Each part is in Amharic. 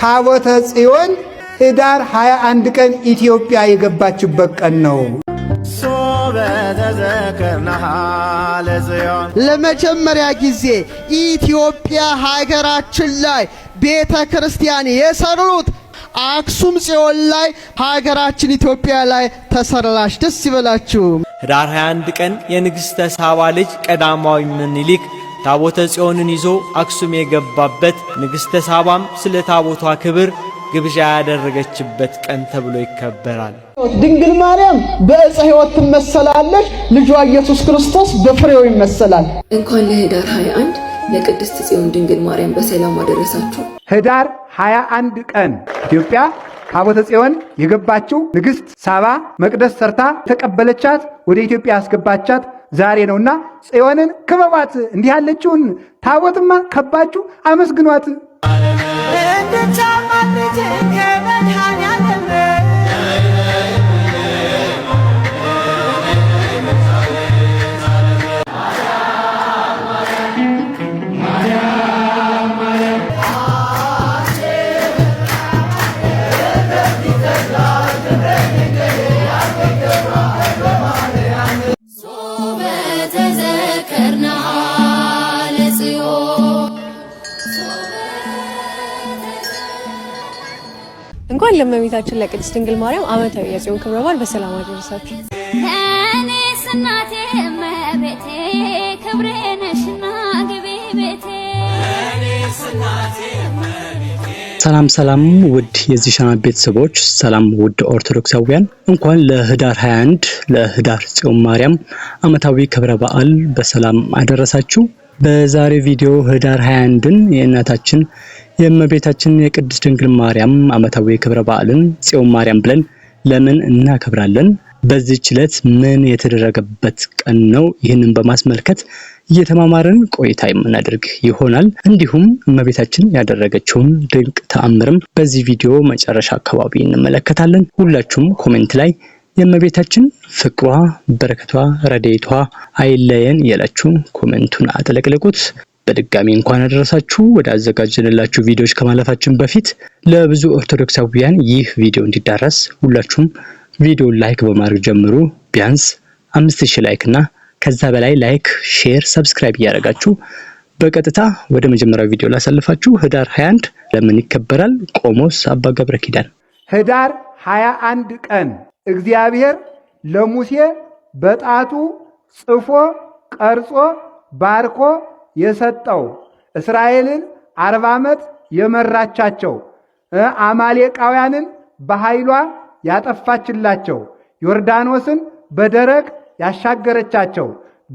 ታቦተ ጽዮን ህዳር 21 ቀን ኢትዮጵያ የገባችበት ቀን ነው። ለመጀመሪያ ጊዜ ኢትዮጵያ ሀገራችን ላይ ቤተ ክርስቲያን የሰሩት አክሱም ጽዮን ላይ ሀገራችን ኢትዮጵያ ላይ ተሰራላች። ደስ ይበላችሁ። ህዳር 21 ቀን የንግሥተ ሳባ ልጅ ቀዳማዊ ምኒልክ ታቦተ ጽዮንን ይዞ አክሱም የገባበት፣ ንግሥተ ሳባም ስለ ታቦቷ ክብር ግብዣ ያደረገችበት ቀን ተብሎ ይከበራል። ድንግል ማርያም በእፀ ሕይወት ትመሰላለች፣ ልጇ ኢየሱስ ክርስቶስ በፍሬው ይመሰላል። እንኳን ለህዳር 21 ለቅድስት ጽዮን ድንግል ማርያም በሰላም አደረሳችሁ። ህዳር 21 ቀን ኢትዮጵያ ታቦተ ጽዮን የገባችው ንግሥት ሳባ መቅደስ ሰርታ ተቀበለቻት ወደ ኢትዮጵያ ያስገባቻት ዛሬ ነውና ጽዮንን ክበባት፣ እንዲህ ያለችውን ታቦትማ ከባችሁ አመስግኗት። ለእመቤታችን ለቅድስት ድንግል ማርያም አመታዊ የጽዮን ክብረ በዓል በሰላም አደረሳችሁ። እኔስ እናቴ እመቤቴ ክብሬ ነሽና ግቢ ቤቴ። ሰላም ሰላም፣ ውድ የዚህ ሻና ቤተሰቦች፣ ሰላም ውድ ኦርቶዶክሳውያን፣ እንኳን ለህዳር 21 ለህዳር ጽዮን ማርያም አመታዊ ክብረ በዓል በሰላም አደረሳችሁ። በዛሬ ቪዲዮ ህዳር 21ን የእናታችን የእመቤታችን የቅድስት ድንግል ማርያም ዓመታዊ ክብረ በዓልን ጽዮን ማርያም ብለን ለምን እናከብራለን? በዚህች ዕለት ምን የተደረገበት ቀን ነው? ይህንን በማስመልከት እየተማማርን ቆይታ የምናደርግ ይሆናል። እንዲሁም እመቤታችን ያደረገችውን ድንቅ ተአምርም በዚህ ቪዲዮ መጨረሻ አካባቢ እንመለከታለን። ሁላችሁም ኮሜንት ላይ የእመቤታችን ፍቅሯ፣ በረከቷ፣ ረድኤቷ አይለየን እያላችሁ ኮሜንቱን አጥለቅልቁት። በድጋሚ እንኳን አደረሳችሁ። ወደ አዘጋጀንላችሁ ቪዲዮዎች ከማለፋችን በፊት ለብዙ ኦርቶዶክሳውያን ይህ ቪዲዮ እንዲዳረስ ሁላችሁም ቪዲዮን ላይክ በማድረግ ጀምሩ። ቢያንስ አምስት ሺህ ላይክ እና ከዛ በላይ ላይክ፣ ሼር፣ ሰብስክራይብ እያደረጋችሁ በቀጥታ ወደ መጀመሪያው ቪዲዮ ላሳልፋችሁ። ህዳር 21 ለምን ይከበራል? ቆሞስ አባ ገብረ ኪዳን። ህዳር 21 ቀን እግዚአብሔር ለሙሴ በጣቱ ጽፎ ቀርጾ ባርኮ የሰጠው እስራኤልን አርባ ዓመት የመራቻቸው አማሌቃውያንን በኃይሏ ያጠፋችላቸው ዮርዳኖስን በደረቅ ያሻገረቻቸው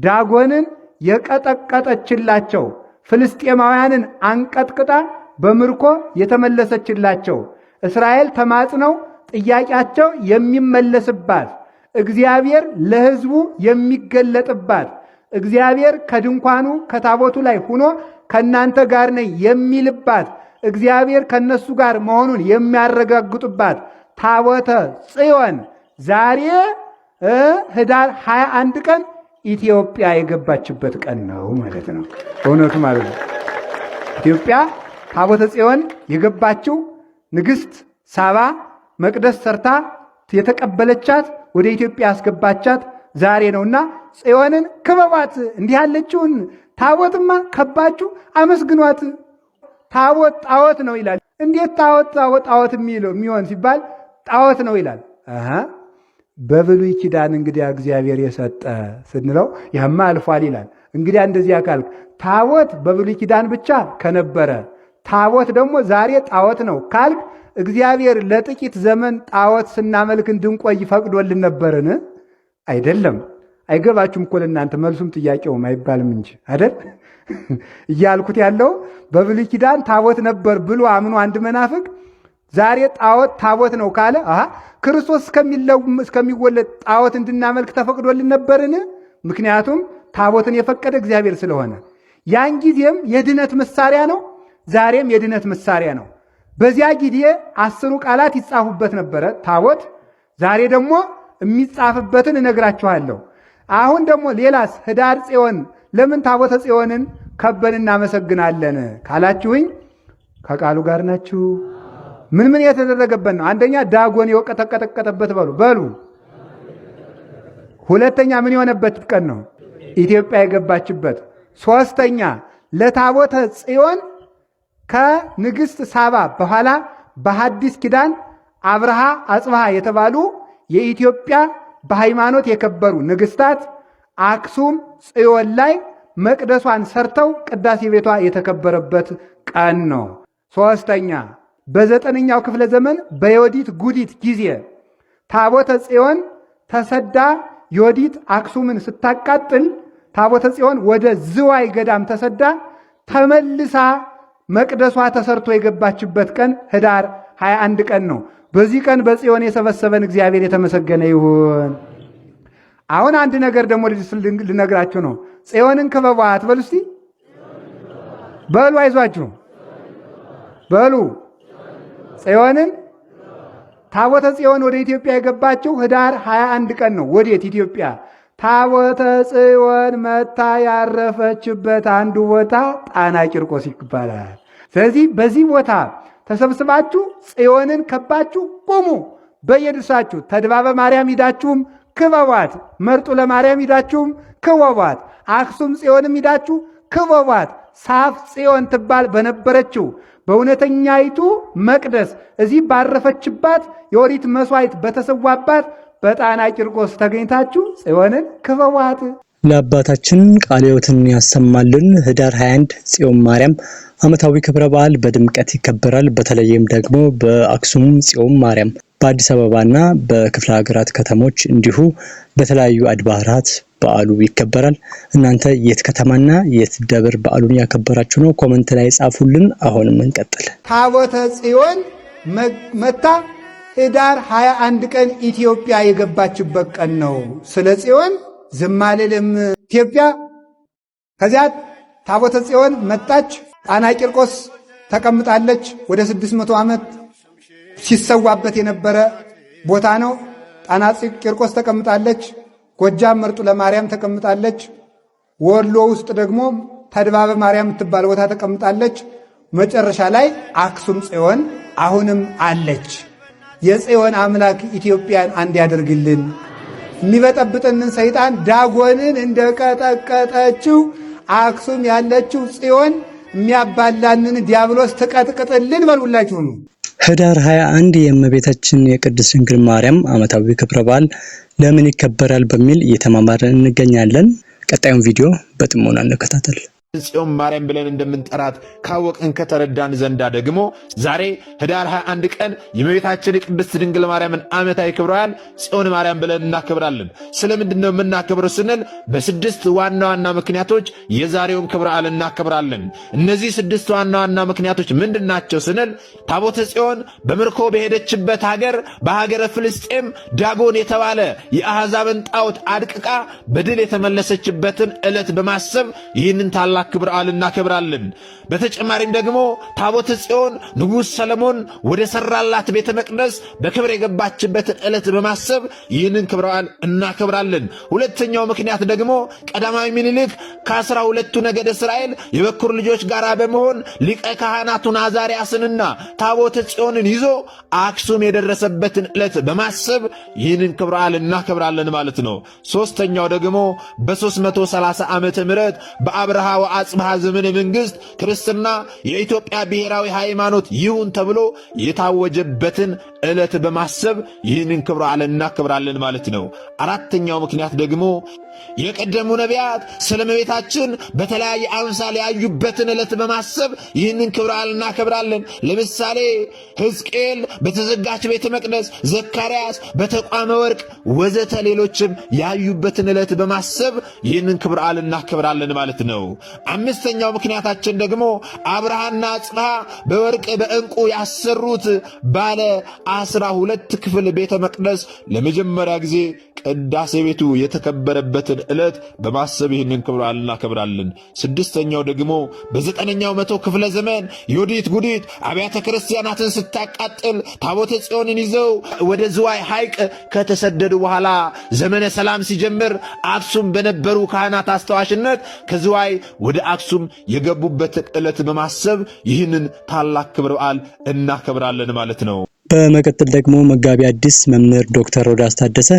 ዳጎንን የቀጠቀጠችላቸው ፍልስጤማውያንን አንቀጥቅጣ በምርኮ የተመለሰችላቸው እስራኤል ተማጽነው ጥያቄያቸው የሚመለስባት እግዚአብሔር ለሕዝቡ የሚገለጥባት እግዚአብሔር ከድንኳኑ ከታቦቱ ላይ ሁኖ ከእናንተ ጋር ነኝ የሚልባት እግዚአብሔር ከእነሱ ጋር መሆኑን የሚያረጋግጡባት ታቦተ ጽዮን ዛሬ ህዳር 21 ቀን ኢትዮጵያ የገባችበት ቀን ነው ማለት ነው። እውነቱ ማለት ነው። ኢትዮጵያ ታቦተ ጽዮን የገባችው ንግሥት ሳባ መቅደስ ሰርታ የተቀበለቻት ወደ ኢትዮጵያ ያስገባቻት ዛሬ ነውና ጽዮንን ክበቧት፣ እንዲህ ያለችውን ታቦትማ ከባችሁ አመስግኗት። ታቦት ጣዖት ነው ይላል። እንዴት ጣዖት ጣዖት የሚለው የሚሆን ሲባል ጣዖት ነው ይላል። በብሉይ ኪዳን እንግዲያ እግዚአብሔር የሰጠ ስንለው ያማ አልፏል ይላል። እንግዲያ እንደዚህ ካልክ ታቦት በብሉይ ኪዳን ብቻ ከነበረ ታቦት ደግሞ ዛሬ ጣዖት ነው ካልክ እግዚአብሔር ለጥቂት ዘመን ጣዖት ስናመልክ እንድንቆይ ፈቅዶልን ነበርን? አይደለም። አይገባችሁም እኮ ለእናንተ መልሱም ጥያቄውም አይባልም እንጂ አይደል? እያልኩት ያለው በብሉይ ኪዳን ታቦት ነበር ብሎ አምኖ አንድ መናፍቅ ዛሬ ጣዖት ታቦት ነው ካለ አሃ ክርስቶስ እስከሚወለድ ጣዖት እንድናመልክ ተፈቅዶልን ነበርን? ምክንያቱም ታቦትን የፈቀደ እግዚአብሔር ስለሆነ ያን ጊዜም የድነት መሳሪያ ነው፣ ዛሬም የድነት መሳሪያ ነው። በዚያ ጊዜ አስሩ ቃላት ይጻፉበት ነበረ ታቦት። ዛሬ ደግሞ የሚጻፍበትን እነግራችኋለሁ። አሁን ደግሞ ሌላስ ህዳር ጽዮን ለምን ታቦተ ጽዮንን ከበን እናመሰግናለን ካላችሁኝ ከቃሉ ጋር ናችሁ። ምን ምን የተደረገበት ነው? አንደኛ ዳጎን የወቀጠቀጠበት በሉ በሉ። ሁለተኛ ምን የሆነበት ቀን ነው? ኢትዮጵያ የገባችበት። ሶስተኛ ለታቦተ ጽዮን ከንግሥት ሳባ በኋላ በሐዲስ ኪዳን አብርሃ አጽብሃ የተባሉ የኢትዮጵያ በሃይማኖት የከበሩ ንግስታት አክሱም ጽዮን ላይ መቅደሷን ሰርተው ቅዳሴ ቤቷ የተከበረበት ቀን ነው። ሶስተኛ በዘጠነኛው ክፍለ ዘመን በዮዲት ጉዲት ጊዜ ታቦተ ጽዮን ተሰዳ ዮዲት አክሱምን ስታቃጥል ታቦተ ጽዮን ወደ ዝዋይ ገዳም ተሰዳ ተመልሳ መቅደሷ ተሰርቶ የገባችበት ቀን ህዳር ሀያ አንድ ቀን ነው። በዚህ ቀን በጽዮን የሰበሰበን እግዚአብሔር የተመሰገነ ይሁን። አሁን አንድ ነገር ደግሞ ልነግራችሁ ነው። ጽዮንን ክበቧት በሉ እስቲ በሉ አይዟችሁ በሉ ጽዮንን ታቦተ ጽዮን ወደ ኢትዮጵያ የገባችው ህዳር 21 ቀን ነው። ወዴት ኢትዮጵያ ታቦተ ጽዮን መታ ያረፈችበት አንዱ ቦታ ጣና ቂርቆስ ይባላል። ስለዚህ በዚህ ቦታ ተሰብስባችሁ ጽዮንን ከባችሁ ቁሙ በየድርሳችሁ። ተድባበ ማርያም ሂዳችሁም ክበቧት። መርጡ ለማርያም ሂዳችሁም ክበቧት። አክሱም ጽዮንም ሂዳችሁ ክበቧት። ሳፍ ጽዮን ትባል በነበረችው በእውነተኛይቱ መቅደስ እዚህ ባረፈችባት የኦሪት መሥዋዕት በተሰዋባት በጣና ቂርቆስ ተገኝታችሁ ጽዮንን ክበቧት። ለአባታችን ቃለ ሕይወትን ያሰማልን። ህዳር 21 ጽዮን ማርያም ዓመታዊ ክብረ በዓል በድምቀት ይከበራል። በተለይም ደግሞ በአክሱም ጽዮን ማርያም በአዲስ አበባና በክፍለ ሀገራት ከተሞች እንዲሁ በተለያዩ አድባራት በዓሉ ይከበራል። እናንተ የት ከተማና የት ደብር በዓሉን ያከበራችሁ ነው? ኮመንት ላይ ጻፉልን። አሁንም እንቀጥል። ታቦተ ጽዮን መታ ህዳር 21 ቀን ኢትዮጵያ የገባችበት ቀን ነው። ስለ ጽዮን ዝም ኢትዮጵያ። ከዚያ ታቦተ ጽዮን መጣች፣ ጣና ቂርቆስ ተቀምጣለች። ወደ 600 ዓመት ሲሰዋበት የነበረ ቦታ ነው። ጣና ቂርቆስ ተቀምጣለች። ጎጃም መርጡ ለማርያም ተቀምጣለች። ወሎ ውስጥ ደግሞ ተድባበ ማርያም የምትባል ቦታ ተቀምጣለች። መጨረሻ ላይ አክሱም ጽዮን አሁንም አለች። የጽዮን አምላክ ኢትዮጵያን አንድ ያደርግልን። የሚበጠብጥንን ሰይጣን ዳጎንን እንደቀጠቀጠችው አክሱም ያለችው ጽዮን የሚያባላንን ዲያብሎስ ትቀጥቅጥልን። በሉላችሁ ነው። ህዳር 21 የእመቤታችን የቅድስት ድንግል ማርያም ዓመታዊ ክብረ በዓል ለምን ይከበራል በሚል እየተማማርን እንገኛለን። ቀጣዩን ቪዲዮ በጥሞና እንከታተል። ጽዮን ማርያም ብለን እንደምንጠራት ካወቅን ከተረዳን ዘንዳ ደግሞ ዛሬ ህዳር 21 ቀን የእመቤታችን የቅድስት ድንግል ማርያምን ዓመታዊ ክብረ በዓል ጽዮን ማርያም ብለን እናከብራለን። ስለምንድን ነው የምናከብረው ስንል በስድስት ዋና ዋና ምክንያቶች የዛሬውን ክብረ በዓል እናከብራለን። እነዚህ ስድስት ዋና ዋና ምክንያቶች ምንድን ናቸው ስንል ታቦተ ጽዮን በምርኮ በሄደችበት ሀገር በሀገረ ፍልስጤም ዳጎን የተባለ የአሕዛብን ጣዖት አድቅቃ በድል የተመለሰችበትን ዕለት በማሰብ ይህንን ታላ በዓል እናከብራለን። በተጨማሪም ደግሞ ታቦተ ጽዮን ንጉሥ ሰለሞን ወደ ሠራላት ቤተ መቅደስ በክብር የገባችበትን ዕለት በማሰብ ይህንን ክብረ በዓል እናከብራለን። ሁለተኛው ምክንያት ደግሞ ቀዳማዊ ምኒልክ ከአስራ ሁለቱ ነገደ እስራኤል የበኩር ልጆች ጋር በመሆን ሊቀ ካህናቱን አዛርያስንና ታቦተ ጽዮንን ይዞ አክሱም የደረሰበትን ዕለት በማሰብ ይህንን ክብረ በዓል እናከብራለን ማለት ነው። ሦስተኛው ደግሞ በ330 ዓመተ ምሕረት በአብርሃ አጽብሃ ዘመነ መንግሥት ክርስትና የኢትዮጵያ ብሔራዊ ሃይማኖት ይሁን ተብሎ የታወጀበትን ዕለት በማሰብ ይህንን ክብረ በዓል እናክብራለን ማለት ነው። አራተኛው ምክንያት ደግሞ የቀደሙ ነቢያት ስለ እመቤታችን በተለያየ አምሳል ያዩበትን ዕለት በማሰብ ይህንን ክብረ በዓል እናከብራለን። ለምሳሌ ሕዝቅኤል በተዘጋች ቤተ መቅደስ፣ ዘካርያስ በተቋመ ወርቅ ወዘተ ሌሎችም ያዩበትን ዕለት በማሰብ ይህንን ክብረ በዓል እናከብራለን ማለት ነው። አምስተኛው ምክንያታችን ደግሞ አብርሃና አጽብሃ በወርቅ በእንቁ ያሰሩት ባለ አስራ ሁለት ክፍል ቤተ መቅደስ ለመጀመሪያ ጊዜ ቅዳሴ ቤቱ የተከበረበትን ዕለት በማሰብ ይህንን ክብረ እናከብራለን። ስድስተኛው ደግሞ በዘጠነኛው መቶ ክፍለ ዘመን ዮዲት ጉዲት አብያተ ክርስቲያናትን ስታቃጥል ታቦተ ጽዮንን ይዘው ወደ ዝዋይ ሐይቅ ከተሰደዱ በኋላ ዘመነ ሰላም ሲጀምር አክሱም በነበሩ ካህናት አስተዋሽነት ከዝዋይ ወደ አክሱም የገቡበትን ዕለት በማሰብ ይህንን ታላቅ ክብረ በዓል እናከብራለን ማለት ነው። በመቀጠል ደግሞ መጋቢ አዲስ መምህር ዶክተር ሮዳስ ታደሰ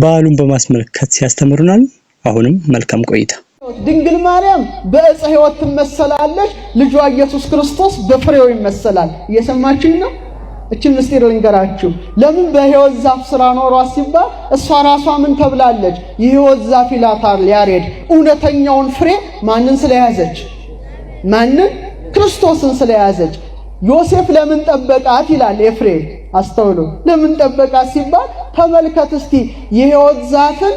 በዓሉን በማስመልከት ሲያስተምሩናል። አሁንም መልካም ቆይታ። ድንግል ማርያም በእፀ ሕይወት ትመሰላለች፣ ልጇ ኢየሱስ ክርስቶስ በፍሬው ይመሰላል። እየሰማችሁኝ ነው? እችን ምስጢር ልንገራችሁ። ለምን በህይወት ዛፍ ስራ ኖሯ ሲባል እሷ ራሷ ምን ተብላለች? የህይወት ዛፍ ይላታል ያሬድ። እውነተኛውን ፍሬ ማንን ስለያዘች? ማንን? ክርስቶስን ስለያዘች። ዮሴፍ ለምን ጠበቃት ይላል ኤፍሬም። አስተውሉ። ለምን ጠበቃት ሲባል ተመልከት እስቲ የሕይወት ዛፍን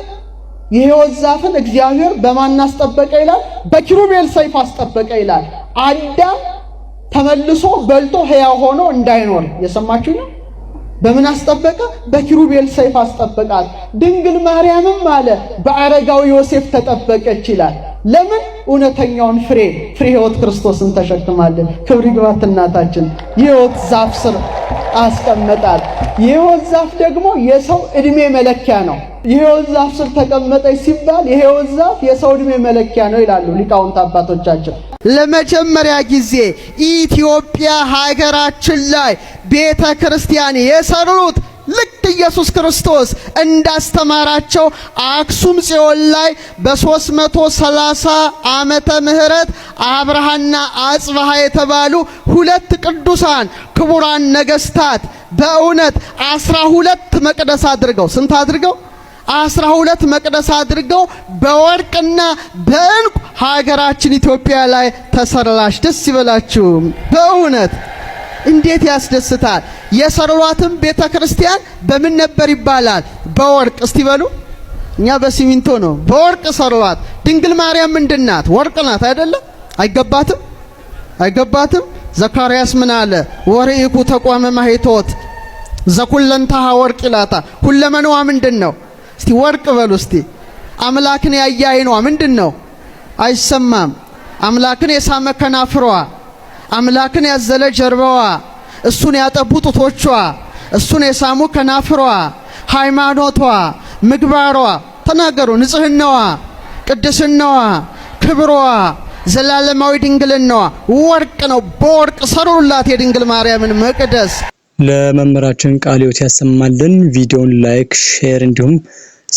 የሕይወት ዛፍን እግዚአብሔር በማን አስጠበቀ ይላል? በኪሩቤል ሰይፍ አስጠበቀ ይላል። አዳም ተመልሶ በልቶ ሕያው ሆኖ እንዳይኖር የሰማችሁ ነው። በምን አስጠበቀ? በኪሩቤል ሰይፍ አስጠበቃት። ድንግል ማርያምም አለ በአረጋዊ ዮሴፍ ተጠበቀች ይላል። ለምን? እውነተኛውን ፍሬ ፍሬ ሕይወት ክርስቶስን ተሸክማለን። ክብሪ ይግባት እናታችን የሕይወት ዛፍ ስር አስቀመጣል። የሕይወት ዛፍ ደግሞ የሰው ዕድሜ መለኪያ ነው። የሕይወት ዛፍ ስር ተቀመጠች ሲባል የሕይወት ዛፍ የሰው ዕድሜ መለኪያ ነው ይላሉ ሊቃውንት አባቶቻችን። ለመጀመሪያ ጊዜ ኢትዮጵያ ሀገራችን ላይ ቤተ ክርስቲያን የሰሩት ልክ ኢየሱስ ክርስቶስ እንዳስተማራቸው አክሱም ጽዮን ላይ በ330 ዓመተ ምህረት አብርሃና አጽባሃ የተባሉ ሁለት ቅዱሳን ክቡራን ነገስታት በእውነት አስራ ሁለት መቅደስ አድርገው ስንት አድርገው አስራ ሁለት መቅደስ አድርገው በወርቅና በእንቁ ሀገራችን ኢትዮጵያ ላይ ተሰርላሽ ደስ ይበላችሁ። በእውነት እንዴት ያስደስታል። የሰሯትም ቤተ ክርስቲያን በምን ነበር ይባላል? በወርቅ እስቲ በሉ። እኛ በሲሚንቶ ነው። በወርቅ ሰሯት። ድንግል ማርያም ምንድን ናት? ወርቅ ናት አይደለም? አይገባትም? አይገባትም? ዘካርያስ ምን አለ? ወርኢኩ ተቋመ ማኅቶት ዘኩለንታሃ ወርቅ ይላታ። ሁለመናዋ ምንድን ነው? እስቲ ወርቅ በሉ እስቲ። አምላክን ያየ አይኗ ምንድን ነው? አይሰማም። አምላክን የሳመ ከናፍሯ፣ አምላክን ያዘለ ጀርባዋ፣ እሱን ያጠቡ ጡቶቿ፣ እሱን የሳሙ ከናፍሯ፣ ሃይማኖቷ፣ ምግባሯ፣ ተናገሩ፣ ንጽህናዋ፣ ቅድስናዋ፣ ክብሯ፣ ዘላለማዊ ድንግልናዋ ወርቅ ነው። በወርቅ ሰሩላት የድንግል ማርያምን መቅደስ። ለመምህራችን ቃለ ያሰማልን። ቪዲዮን ላይክ፣ ሼር እንዲሁም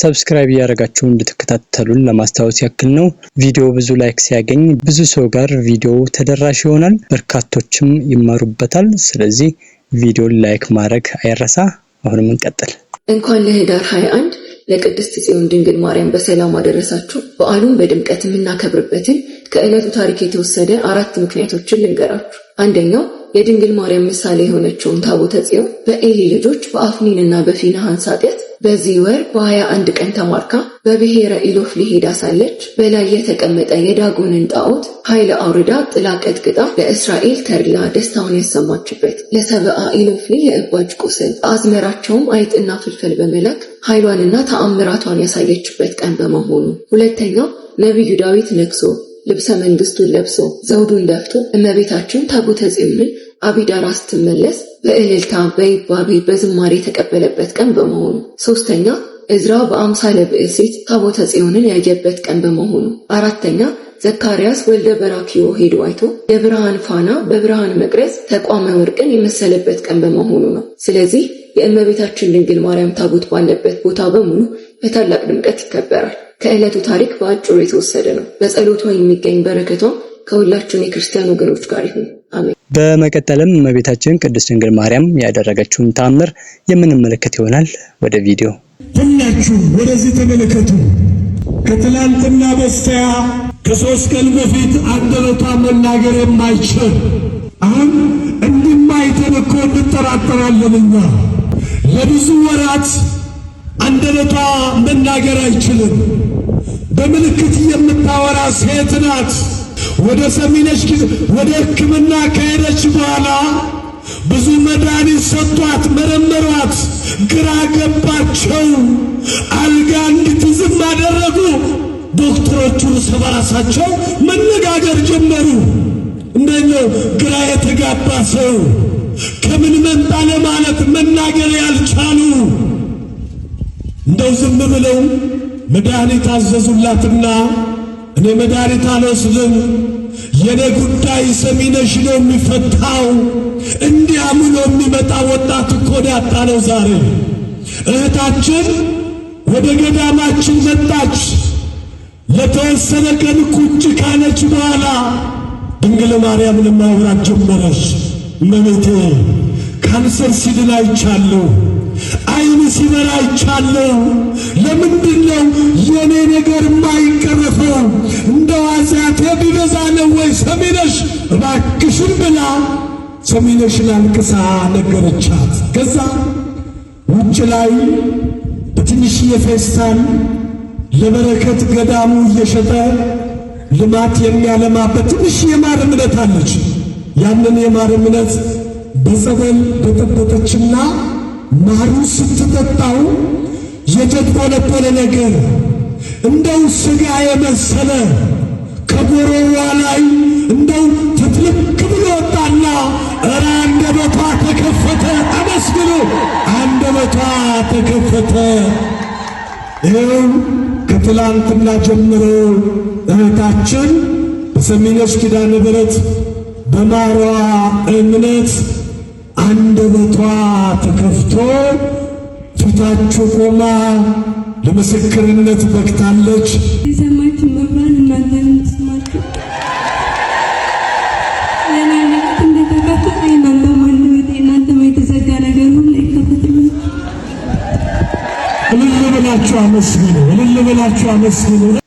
ሰብስክራይብ እያደረጋችሁ እንድትከታተሉን ለማስታወስ ያክል ነው። ቪዲዮ ብዙ ላይክ ሲያገኝ ብዙ ሰው ጋር ቪዲዮ ተደራሽ ይሆናል፣ በርካቶችም ይማሩበታል። ስለዚህ ቪዲዮን ላይክ ማድረግ አይረሳ። አሁንም እንቀጥል። እንኳን ለህዳር 21 ለቅድስት ጽዮን ድንግል ማርያም በሰላም አደረሳችሁ። በዓሉን በድምቀት የምናከብርበትን ከዕለቱ ታሪክ የተወሰደ አራት ምክንያቶችን ልንገራችሁ። አንደኛው የድንግል ማርያም ምሳሌ የሆነችውን ታቦተ ጽዮን በኤሊ ልጆች በአፍኒን እና በፊንሐስ በዚህ ወር በሀያ አንድ ቀን ተማርካ በብሔረ ኢሎፍሊ ሊሄዳ ሳለች በላይ የተቀመጠ የዳጎንን ጣዖት ኃይለ አውርዳ ጥላ ቀጥቅጣ ለእስራኤል ተድላ ደስታውን ያሰማችበት ለሰብአ ኢሎፍሊ የእባጅ ቁስል አዝመራቸውም አይጥና ፍልፈል በመላክ ኃይሏንና ተአምራቷን ያሳየችበት ቀን በመሆኑ ሁለተኛው ነቢዩ ዳዊት ነግሶ ልብሰ መንግስቱን ለብሶ ዘውዱን ደፍቶ እመቤታችን ታቦተ ጽዮንን አቢዳራ ስትመለስ በእልልታ በይባቤ በዝማሬ የተቀበለበት ቀን በመሆኑ፣ ሶስተኛ እዝራ በአምሳለ ብእሲት ታቦተ ጽዮንን ያየበት ቀን በመሆኑ፣ አራተኛ ዘካርያስ ወልደ በራኪዮ ሄዶ አይቶ የብርሃን ፋና በብርሃን መቅረጽ ተቋመ ወርቅን የመሰለበት ቀን በመሆኑ ነው። ስለዚህ የእመቤታችን ድንግል ማርያም ታቦት ባለበት ቦታ በሙሉ በታላቅ ድምቀት ይከበራል። ከዕለቱ ታሪክ በአጭሩ የተወሰደ ነው። በጸሎቷ የሚገኝ በረከቷም ከሁላችን የክርስቲያን ወገኖች ጋር ይሁን። በመቀጠልም እመቤታችን ቅድስት ድንግል ማርያም ያደረገችውን ታምር የምንመለከት ይሆናል። ወደ ቪዲዮ ሁላችሁም ወደዚህ ተመለከቱ። ከትላንትና በስቲያ ከሶስት ቀን በፊት አንደበቷ መናገር የማይችል አሁን እንድማይተን እኮ እንጠራጠራለንኛ ለብዙ ወራት አንደበቷ መናገር አይችልም። በምልክት የምታወራ ሴት ናት። ወደ ሰሚነሽ ወደ ሕክምና ከሄደች በኋላ ብዙ መድኃኒት ሰጥቷት መረመሯት፣ ግራ ገባቸው። አልጋ እንድትዝም አደረጉ። ዶክተሮቹ እርስ በራሳቸው መነጋገር ጀመሩ። እንደኛው ግራ የተጋባ ሰው ከምን መጣ ለማለት መናገር ያልቻሉ እንደው ዝም ብለው መድኃኒት አዘዙላትና እኔ መድኃኒት አልወስድም። የኔ ጉዳይ ሰሚነሽ ነው የሚፈታው። እንዲህ አምኖ የሚመጣ ወጣት እኮ ነው ያጣነው ዛሬ። እህታችን ወደ ገዳማችን መጣች። ለተወሰነ ቀን ቁጭ ካለች በኋላ ድንግል ማርያምን ማውራት ጀመረች። እመቤቴ ካንሰር ሲድን አይቻለሁ አይን ሲበራ ይቻለው። ለምንድን ነው የኔ ነገር ማይቀረፈው? እንደ ዋዛቴ ቢበዛ ነው ወይ ሰሚነሽ እባክሽን ብላ ሰሚነሽ ላልቅሳ ነገረቻት። ከዛ ውጭ ላይ በትንሽዬ ፌስታል ለበረከት ገዳሙ እየሸጠ ልማት የሚያለማበት ትንሽ የማር እምነት አለች። ያንን የማር እምነት በጸበል በጠበጠችና ማሩ ስትጠጣው የተቆለቆለ ነገር እንደው ስጋ የመሰለ ከጎሮዋ ላይ እንደው ትጥልቅ ብሎ ወጣና እረ አንደበቷ ተከፈተ። አመስግኑ፣ አንደበቷ ተከፈተ። ይኸው ከትላንትና ጀምሮ እህታችን በሰሚነሽ ኪዳነ ምሕረት በማሯ እምነት አንደበቷ ተከፍቶ ፊታችሁ ቆማ ለምስክርነት በቅታለች። የሰማችን መብራን እናንተ የምትሰማችሁ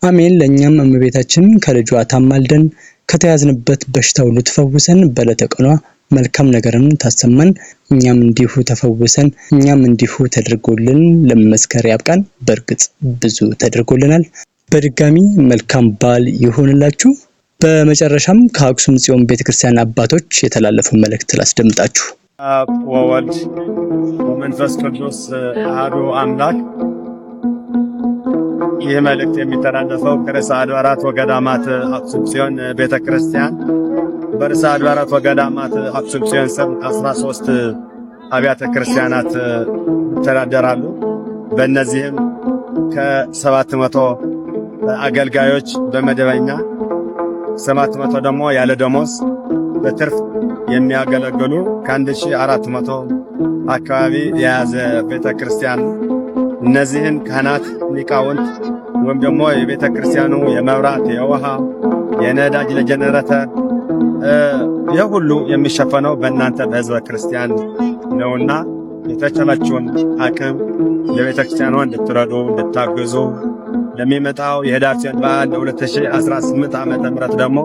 አሜን። ለእኛም እመቤታችን ከልጇ ታማልደን ከተያዝንበት በሽታ ሁሉ ትፈውሰን በለተቀኗ መልካም ነገርን ታሰማን። እኛም እንዲሁ ተፈውሰን እኛም እንዲሁ ተደርጎልን ለመመስከር ያብቃን። በእርግጥ ብዙ ተደርጎልናል። በድጋሚ መልካም በዓል ይሆንላችሁ። በመጨረሻም ከአክሱም ጽዮን ቤተክርስቲያን አባቶች የተላለፉ መልእክት ላስደምጣችሁ። ወወልድ መንፈስ ቅዱስ አሐዱ አምላክ ይህ መልእክት የሚተላለፈው ከርዕሰ አድባራት ወገዳማት አክሱም ጽዮን ቤተ ክርስቲያን በርዕሰ አድባራት ወገዳማት አክሱም ጽዮን ስም 13 አብያተ ክርስቲያናት ይተዳደራሉ። በእነዚህም ከሰባት መቶ አገልጋዮች በመደበኛ ሰባት መቶ ደግሞ ያለ ደሞዝ በትርፍ የሚያገለግሉ ከ1400 አካባቢ የያዘ ቤተ ክርስቲያን እነዚህን ካህናት ሊቃውንት ወይም ደግሞ የቤተ ክርስቲያኑ የመብራት፣ የውሃ፣ የነዳጅ ለጀነሬተር ይህ ሁሉ የሚሸፈነው በእናንተ በህዝበ ክርስቲያን ነውና የተቻላችሁን አቅም የቤተ ክርስቲያኗ እንድትረዱ እንድታግዙ ለሚመጣው የህዳር ጽዮን በዓል ለ2018 ዓ ም ደግሞ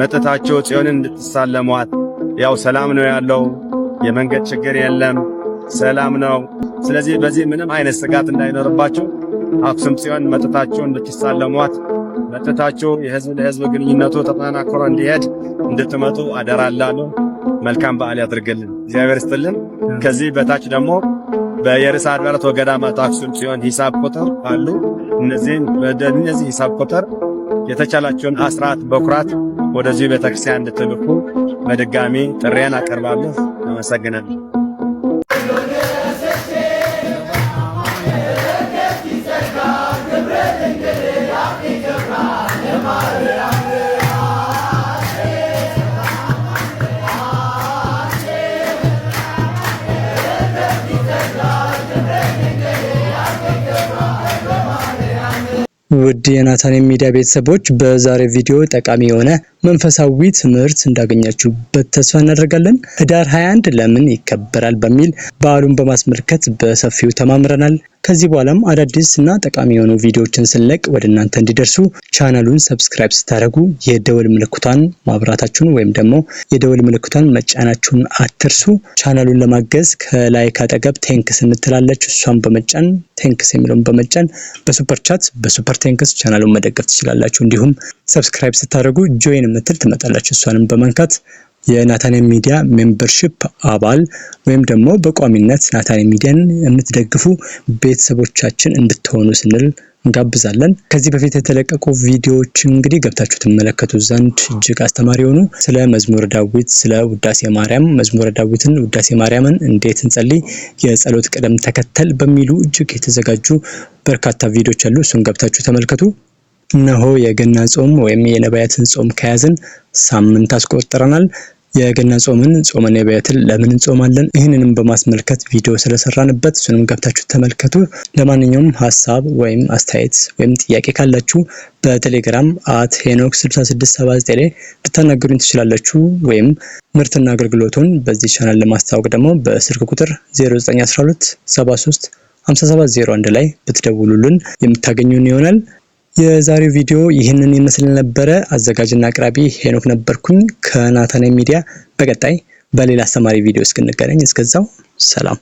መጥታችሁ ጽዮንን እንድትሳለሟት። ያው ሰላም ነው ያለው፣ የመንገድ ችግር የለም፣ ሰላም ነው። ስለዚህ በዚህ ምንም አይነት ስጋት እንዳይኖርባችሁ አክሱም ጽዮን መጥታችሁ እንድትሳለሟት መጥታችሁ የህዝብ ለህዝብ ግንኙነቱ ተጠናክሮ እንዲሄድ እንድትመጡ አደራላለሁ። መልካም በዓል ያድርግልን፣ እግዚአብሔር ይስጥልን። ከዚህ በታች ደግሞ በየርዕሰ አድባራት ወገዳማት አክሱም ጽዮን ሂሳብ ቁጥር አሉ። እነዚህ ሂሳብ ቁጥር የተቻላቸውን አስራት በኩራት ወደዚህ ቤተክርስቲያን እንድትልኩ በድጋሚ ጥሬን አቀርባለሁ። አመሰግናለሁ። ውድ የናታን ሚዲያ ቤተሰቦች በዛሬ ቪዲዮ ጠቃሚ የሆነ መንፈሳዊ ትምህርት እንዳገኛችሁበት ተስፋ እናደርጋለን። ህዳር 21 ለምን ይከበራል በሚል በዓሉን በማስመልከት በሰፊው ተማምረናል። ከዚህ በኋላም አዳዲስ እና ጠቃሚ የሆኑ ቪዲዮዎችን ስንለቅ ወደ እናንተ እንዲደርሱ ቻናሉን ሰብስክራይብ ስታደርጉ የደወል ምልክቷን ማብራታችሁን ወይም ደግሞ የደወል ምልክቷን መጫናችሁን አትርሱ። ቻናሉን ለማገዝ ከላይክ አጠገብ ቴንክስ እንትላለች እሷን በመጫን ቴንክስ የሚለውን በመጫን በሱፐር ቻት በሱፐር ቴንክስ ቻናሉን መደገፍ ትችላላችሁ። እንዲሁም ሰብስክራይብ ስታደርጉ ጆይን የምትል ትመጣለች። እሷንም በመንካት የናታኔ ሚዲያ ሜምበርሺፕ አባል ወይም ደግሞ በቋሚነት ናታኔ ሚዲያን የምትደግፉ ቤተሰቦቻችን እንድትሆኑ ስንል እንጋብዛለን። ከዚህ በፊት የተለቀቁ ቪዲዮዎች እንግዲህ ገብታችሁ ትመለከቱ ዘንድ እጅግ አስተማሪ የሆኑ ስለ መዝሙረ ዳዊት፣ ስለ ውዳሴ ማርያም፣ መዝሙረ ዳዊትን፣ ውዳሴ ማርያምን እንዴት እንጸልይ፣ የጸሎት ቅደም ተከተል በሚሉ እጅግ የተዘጋጁ በርካታ ቪዲዮዎች አሉ። እሱን ገብታችሁ ተመልከቱ። እነሆ የገና ጾም ወይም የነቢያትን ጾም ከያዝን ሳምንት አስቆጥረናል። የገና ጾምን ጾመ ነቢያትን ለምን እንጾማለን? ይህንንም በማስመልከት ቪዲዮ ስለሰራንበት እሱንም ገብታችሁ ተመልከቱ። ለማንኛውም ሀሳብ ወይም አስተያየት ወይም ጥያቄ ካላችሁ በቴሌግራም አት ሄኖክ 6679 ላይ ልታናገሩኝ ትችላላችሁ። ወይም ምርትና አገልግሎቱን በዚህ ቻናል ለማስታወቅ ደግሞ በስልክ ቁጥር 0912 73 5701 ላይ ብትደውሉልን የምታገኙን ይሆናል። የዛሬው ቪዲዮ ይህንን ይመስል ነበረ። አዘጋጅና አቅራቢ ሄኖክ ነበርኩኝ ከናታን ሚዲያ። በቀጣይ በሌላ አስተማሪ ቪዲዮ እስክንገናኝ እስከዛው ሰላም።